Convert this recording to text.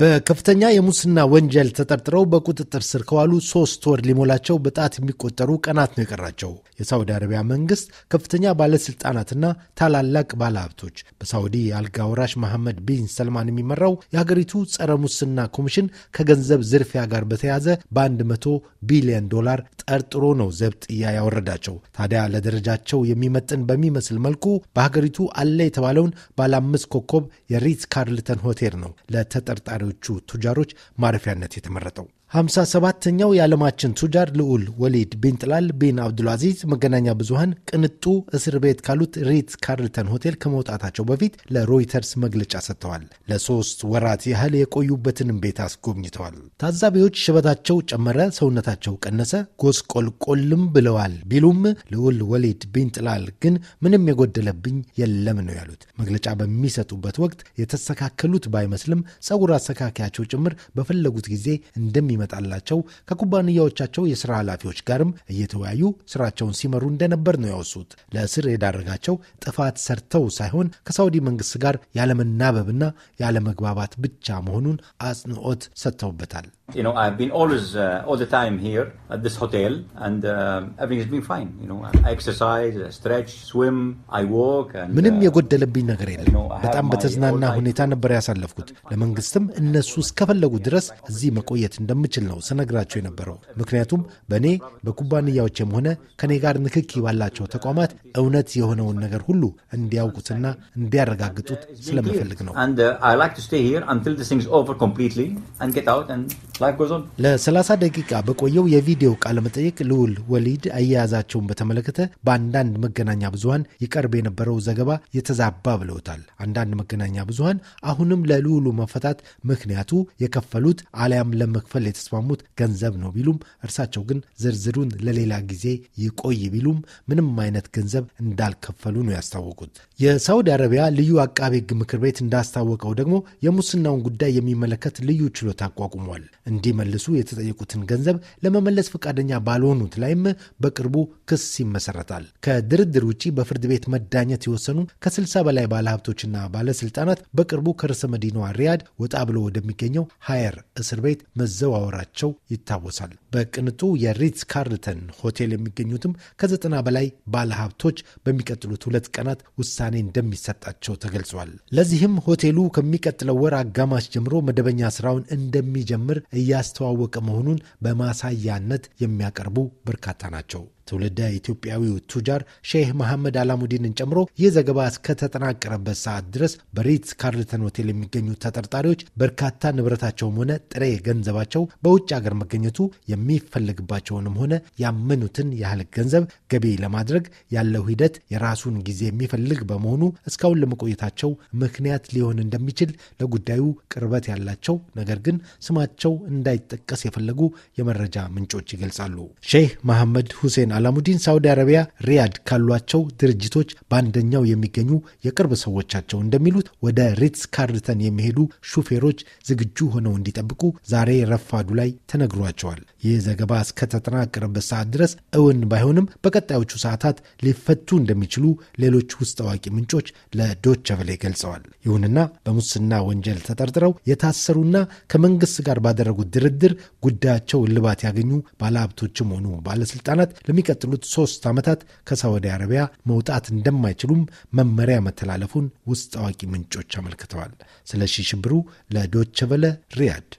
በከፍተኛ የሙስና ወንጀል ተጠርጥረው በቁጥጥር ስር ከዋሉ ሶስት ወር ሊሞላቸው በጣት የሚቆጠሩ ቀናት ነው የቀራቸው። የሳውዲ አረቢያ መንግስት ከፍተኛ ባለስልጣናትና ታላላቅ ባለሀብቶች በሳውዲ አልጋ ወራሽ መሐመድ ቢን ሰልማን የሚመራው የሀገሪቱ ጸረ ሙስና ኮሚሽን ከገንዘብ ዝርፊያ ጋር በተያያዘ በ100 ቢሊዮን ዶላር ጠርጥሮ ነው ዘብጥያ ያወረዳቸው። ታዲያ ለደረጃቸው የሚመጥን በሚመስል መልኩ በሀገሪቱ አለ የተባለውን ባለ አምስት ኮከብ የሪት ካርልተን ሆቴል ነው ለተጠርጣ ተሽከርካሪዎቹ ቱጃሮች ማረፊያነት የተመረጠው። 57 ኛው የዓለማችን ቱጃር ልዑል ወሊድ ቢንጥላል ጥላል ቢን አብዱልአዚዝ መገናኛ ብዙሀን ቅንጡ እስር ቤት ካሉት ሪት ካርልተን ሆቴል ከመውጣታቸው በፊት ለሮይተርስ መግለጫ ሰጥተዋል። ለሶስት ወራት ያህል የቆዩበትንም ቤት አስጎብኝተዋል። ታዛቢዎች ሽበታቸው ጨመረ፣ ሰውነታቸው ቀነሰ፣ ጎስቆልቆልም ብለዋል ቢሉም ልዑል ወሊድ ቢንጥላል ግን ምንም የጎደለብኝ የለም ነው ያሉት። መግለጫ በሚሰጡበት ወቅት የተስተካከሉት ባይመስልም ጸጉር አስተካካያቸው ጭምር በፈለጉት ጊዜ እንደሚ እንዲመጣላቸው ከኩባንያዎቻቸው የስራ ኃላፊዎች ጋርም እየተወያዩ ስራቸውን ሲመሩ እንደነበር ነው ያወሱት። ለእስር የዳረጋቸው ጥፋት ሰርተው ሳይሆን ከሳውዲ መንግስት ጋር ያለመናበብና ያለመግባባት ብቻ መሆኑን አጽንኦት ሰጥተውበታል። ምንም uh, የጎደለብኝ ነገር የለም። በጣም በተዝናና ሁኔታ ነበር ያሳለፍኩት። ለመንግስትም እነሱ እስከፈለጉ ድረስ እዚህ መቆየት እንደምችል እንደምችል ነው ስነግራቸው የነበረው። ምክንያቱም በእኔ በኩባንያዎችም ሆነ ከእኔ ጋር ንክኪ ባላቸው ተቋማት እውነት የሆነውን ነገር ሁሉ እንዲያውቁትና እንዲያረጋግጡት ስለምፈልግ ነው። uh, ለ30 ደቂቃ በቆየው የቪዲዮ ቃለ መጠይቅ ልዑል ወሊድ አያያዛቸውን በተመለከተ በአንዳንድ መገናኛ ብዙሀን ይቀርብ የነበረው ዘገባ የተዛባ ብለውታል። አንዳንድ መገናኛ ብዙሀን አሁንም ለልዑሉ መፈታት ምክንያቱ የከፈሉት አሊያም ለመክፈል የተስማሙት ገንዘብ ነው ቢሉም እርሳቸው ግን ዝርዝሩን ለሌላ ጊዜ ይቆይ ቢሉም ምንም አይነት ገንዘብ እንዳልከፈሉ ነው ያስታወቁት። የሳውዲ አረቢያ ልዩ አቃቤ ሕግ ምክር ቤት እንዳስታወቀው ደግሞ የሙስናውን ጉዳይ የሚመለከት ልዩ ችሎት አቋቁሟል። እንዲመልሱ የተጠየቁትን ገንዘብ ለመመለስ ፈቃደኛ ባልሆኑት ላይም በቅርቡ ክስ ይመሰረታል። ከድርድር ውጪ በፍርድ ቤት መዳኘት የወሰኑ ከ60 በላይ ባለሀብቶችና ባለስልጣናት በቅርቡ ከርዕሰ መዲናዋ ሪያድ ወጣ ብሎ ወደሚገኘው ሀየር እስር ቤት መዘዋወር ማክበራቸው ይታወሳል። በቅንጡ የሪትስ ካርልተን ሆቴል የሚገኙትም ከዘጠና በላይ ባለሀብቶች በሚቀጥሉት ሁለት ቀናት ውሳኔ እንደሚሰጣቸው ተገልጿል። ለዚህም ሆቴሉ ከሚቀጥለው ወር አጋማሽ ጀምሮ መደበኛ ስራውን እንደሚጀምር እያስተዋወቀ መሆኑን በማሳያነት የሚያቀርቡ በርካታ ናቸው። ትውልደ ኢትዮጵያዊው ቱጃር ሼህ መሐመድ አላሙዲንን ጨምሮ ይህ ዘገባ እስከተጠናቀረበት ሰዓት ድረስ በሪትስ ካርልተን ሆቴል የሚገኙ ተጠርጣሪዎች በርካታ ንብረታቸውም ሆነ ጥሬ ገንዘባቸው በውጭ ሀገር መገኘቱ የሚፈለግባቸውንም ሆነ ያመኑትን ያህል ገንዘብ ገቢ ለማድረግ ያለው ሂደት የራሱን ጊዜ የሚፈልግ በመሆኑ እስካሁን ለመቆየታቸው ምክንያት ሊሆን እንደሚችል ለጉዳዩ ቅርበት ያላቸው ነገር ግን ስማቸው እንዳይጠቀስ የፈለጉ የመረጃ ምንጮች ይገልጻሉ። ሼህ መሐመድ ሁሴን አላሙዲን ሳውዲ አረቢያ ሪያድ ካሏቸው ድርጅቶች በአንደኛው የሚገኙ የቅርብ ሰዎቻቸው እንደሚሉት ወደ ሪትስ ካርልተን የሚሄዱ ሹፌሮች ዝግጁ ሆነው እንዲጠብቁ ዛሬ ረፋዱ ላይ ተነግሯቸዋል። ይህ ዘገባ እስከተጠናቀረበት ሰዓት ድረስ እውን ባይሆንም በቀጣዮቹ ሰዓታት ሊፈቱ እንደሚችሉ ሌሎች ውስጥ አዋቂ ምንጮች ለዶቸቨሌ ገልጸዋል። ይሁንና በሙስና ወንጀል ተጠርጥረው የታሰሩና ከመንግስት ጋር ባደረጉት ድርድር ጉዳያቸው እልባት ያገኙ ባለሀብቶችም ሆኑ ባለስልጣናት ለሚቀ ለሚቀጥሉት ሶስት ዓመታት ከሳዑዲ አረቢያ መውጣት እንደማይችሉም መመሪያ መተላለፉን ውስጥ አዋቂ ምንጮች አመልክተዋል። ስለሺ ሽብሩ ለዶቸ ሪያድ